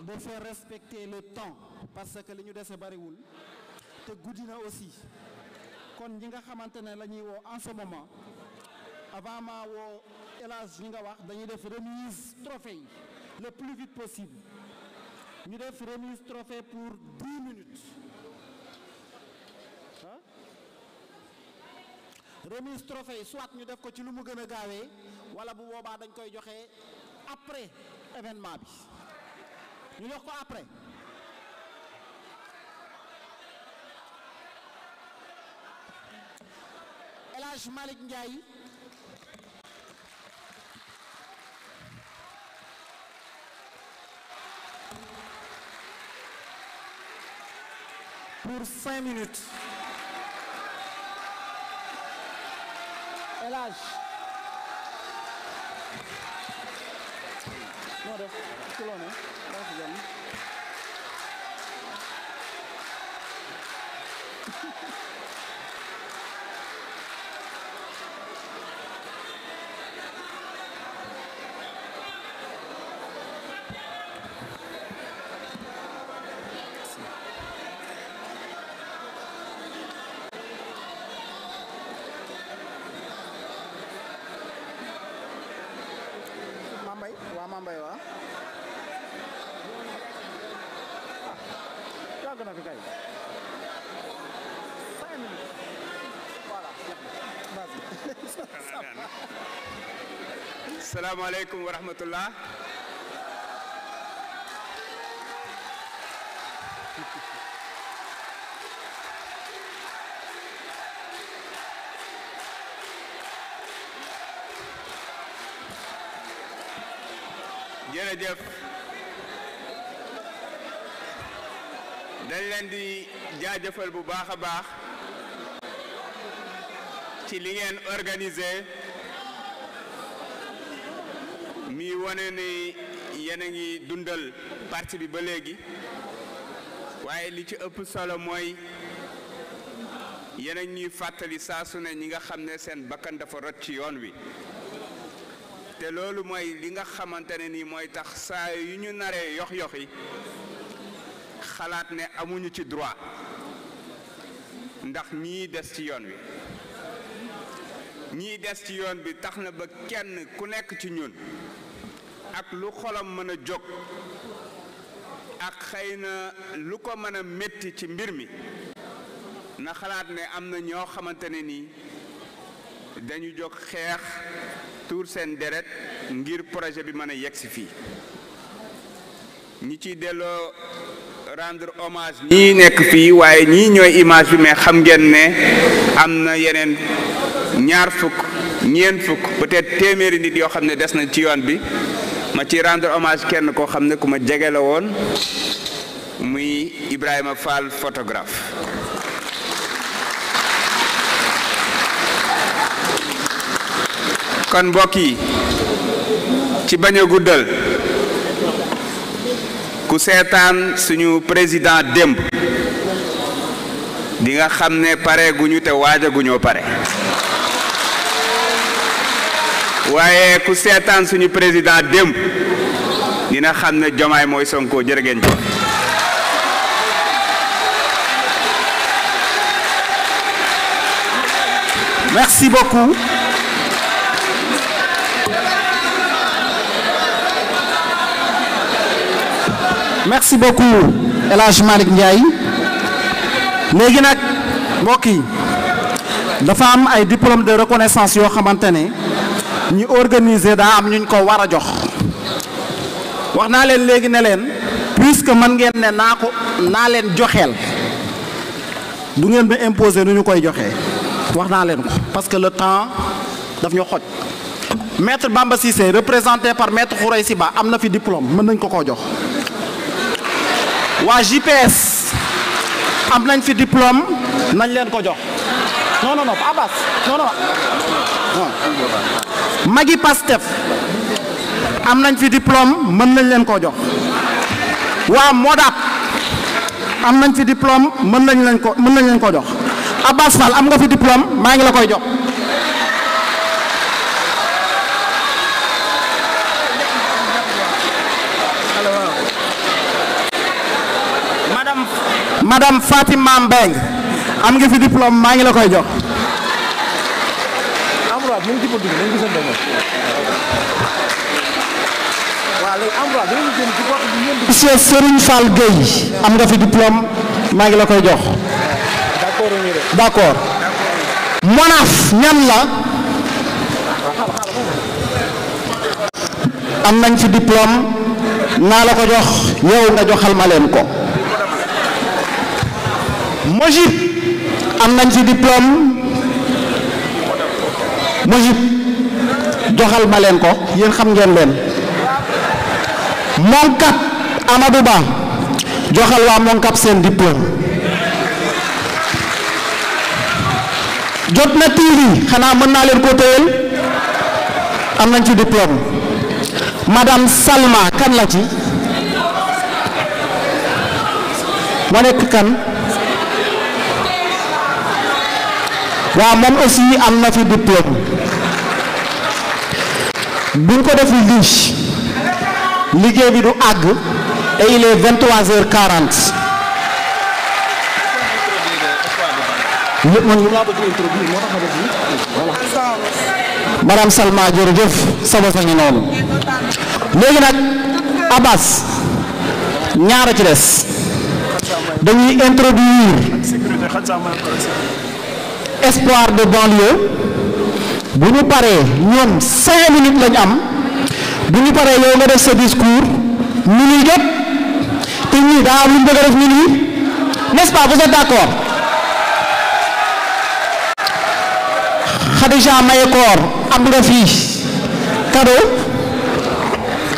de faire respecter le temps parce que li ñu dese bariwul te guddi na aussi kon ñi nga xamante ne la ñuy woo en ce moment avant maa woo élage ñi nga wax dañuy def remise trophée yi le plus vite possible ñu def remise trophée pour dix minutes ah remise trophée soit ñu def ko ci lu mu gën a gaawee wala bu boobaa dañ koy joxe après événement bi ñu jox ko après El Hadj Malick pour cinq minutes El Hadj noo def ci loo ne yàgg na fi kay. cinq minutes. voilà merci. salaamaaleykum wa rahmatullah. jërëjëf dañ leen di jaajëfal bu baax a baax ci li ngeen organisé mi wane ni yéen a ngi dundal parti bi ba léegi waaye li ci ëpp solo mooy yeneen ñuy fàttali saa su ne ñi nga xam ne seen bakkan dafa rot ci yoon wi te loolu mooy li nga xamante ne nii mooy tax saa yu ñu naree yox yoxi xalaat ne amuñu ci droit ndax ñii des ci yoon wi ñii des ci yoon bi tax na ba kenn ku nekk ci ñun ak lu xolam mën a jóg ak xëy na lu ko mën a metti ci mbir mi na xalaat ne am na ñoo xamante ne nii dañu jóg xeex tuur seen deret ngir projet bi mën a yegsi fii ñi ciy delloo rendre hommage ñii nekk fii waaye ñii ñooy image bi mais xam ngeen ne am na yeneen ñaar fukk ñeent fukk peut-être téeméeri nit yoo xam ne des na ci yoon bi ma ci rendre hommage kenn koo xam ne ku ma jege la woon muy Ibrahima Fall photographe kon mbokk yi ci bañ a guddal ku seetaan suñu président démb di nga xam ne pare guñu te waajaguñoo pare waaye ku seetaan suñu président démb dina xam ne jomaay mooy Sonko jërë ngeen merci beaucoup El Hadj Malick Ndiaye léegi nag mbokk yi dafa am ay diplôme de reconnaissance yoo xamante ne ñu organiser daa am ñu ñu ko war a jox wax naa leen léegi ne leen puisque man ngeen ne naa ko naa leen joxeel du ngeen ma imposer nu ñu koy joxee wax naa leen ko parce que le temps daf ñu xoj maître Bamba Cissé représenté par maître Khourey baa am na fi diplôme mën nañ ko koo jox waa JPS am nañ fi diplôme nañ leen ko jox non non non Abbas non non magi am nañ fi diplôme mën nañ leen ko jox waa Modap am nañ fi diplôme mën nañ leen ko mën nañ leen ko jox Abbas Fall am nga fi diplôme maa ngi la koy jox. madame Fatima Mbengue am nga fi diplôme maa ngi la koy jox. Ambroise mu ngi ci buntu maa ngi la koy jox. d'accord d'accord. Monaf ñan la. am nañ fi diplôme naa la ko jox yow nga joxal ma leen ko. mojib am nañ ci diplôme mojib joxal ma leen ko yéen xam ngeen leen Moncap Amadou Ba joxal waa Moncap seen diplôme jot na TV xanaa mën naa leen ko téyel am nañ ci diplôme madame Salma kan la ci moo nekk kan waaw moom aussi am na fi diplôme buñ ko deful lii liggéey bi du àgg et il est 23h40. lépp madame Salma jërëjëf sama sañu noonu. léegi nag Abbas ñaara ci des. dañuy introduire. espoir de banlieue bu ñu paree ñoom lañ am bu ñu paree yow nga def sa discours ñu ngi jot te ñii daa am lu mu bëgg a def nit ñi n'est-ce pas vous êtes d'accord Khadija Mahécor am nga fii cadeau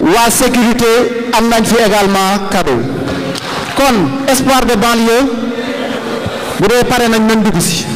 waa sécurité am nañ fi également cadeau kon espoir de banlieue bu dee pare nañ nañ dugg si.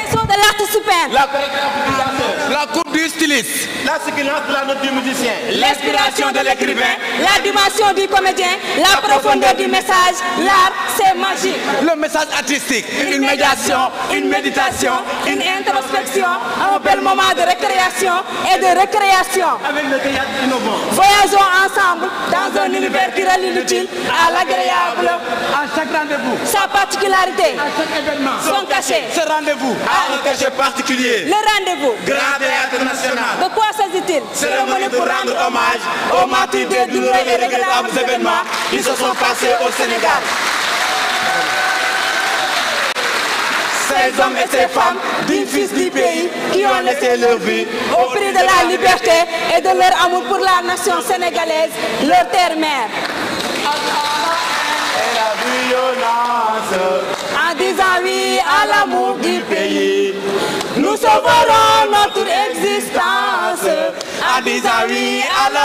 de l'artiste peintre. La, la coupe du styliste. de L'inspiration de l'écrivain. La dimension du comédien. La, du message. L'art, c'est magique. Le message artistique. Une, méditation, une introspection, un bel moment de récréation et de récréation. Voyageons ensemble dans un univers qui relie à l'agréable. À chaque rendez-vous. Sa particularité. À chaque rendez-vous. cachet Le rendez-vous. Grand Théâtre National. De quoi s'agit-il? Cérémonie pour rendre hommage aux martyrs des douloureux et regrettables événements qui se sont passés au Sénégal. Ces hommes et ces femmes dignes fils du pays qui ont laissé leur vie au prix de la liberté et de leur amour pour la nation sénégalaise, leur terre-mère. En disant oui à l'amour du pays. sauverons notre existence. À vis-à-vis, à la